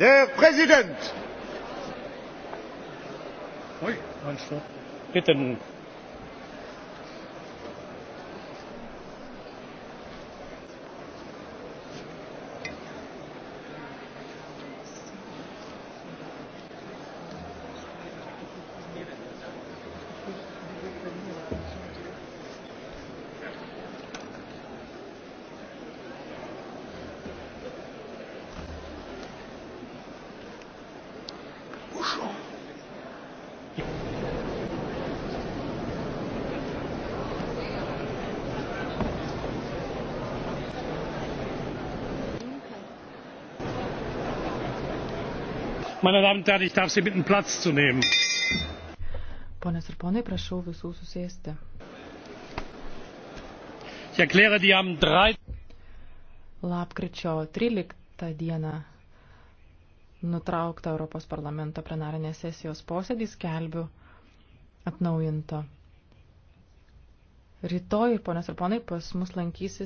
Der Präsident! Ui, meinst du? Bitte. Meine Damen und Herren, ich darf Sie bitten, Platz zu nehmen. Ponas ir ponai, prašau visų susėsti. Ich erkläre die am 3. Lapkričio 13 dieną nutrauktą Europos parlamento plenarinės sesijos posėdį skelbiu atnaujinto. Rytoj, ponas ir ponai, pas mus lankysis.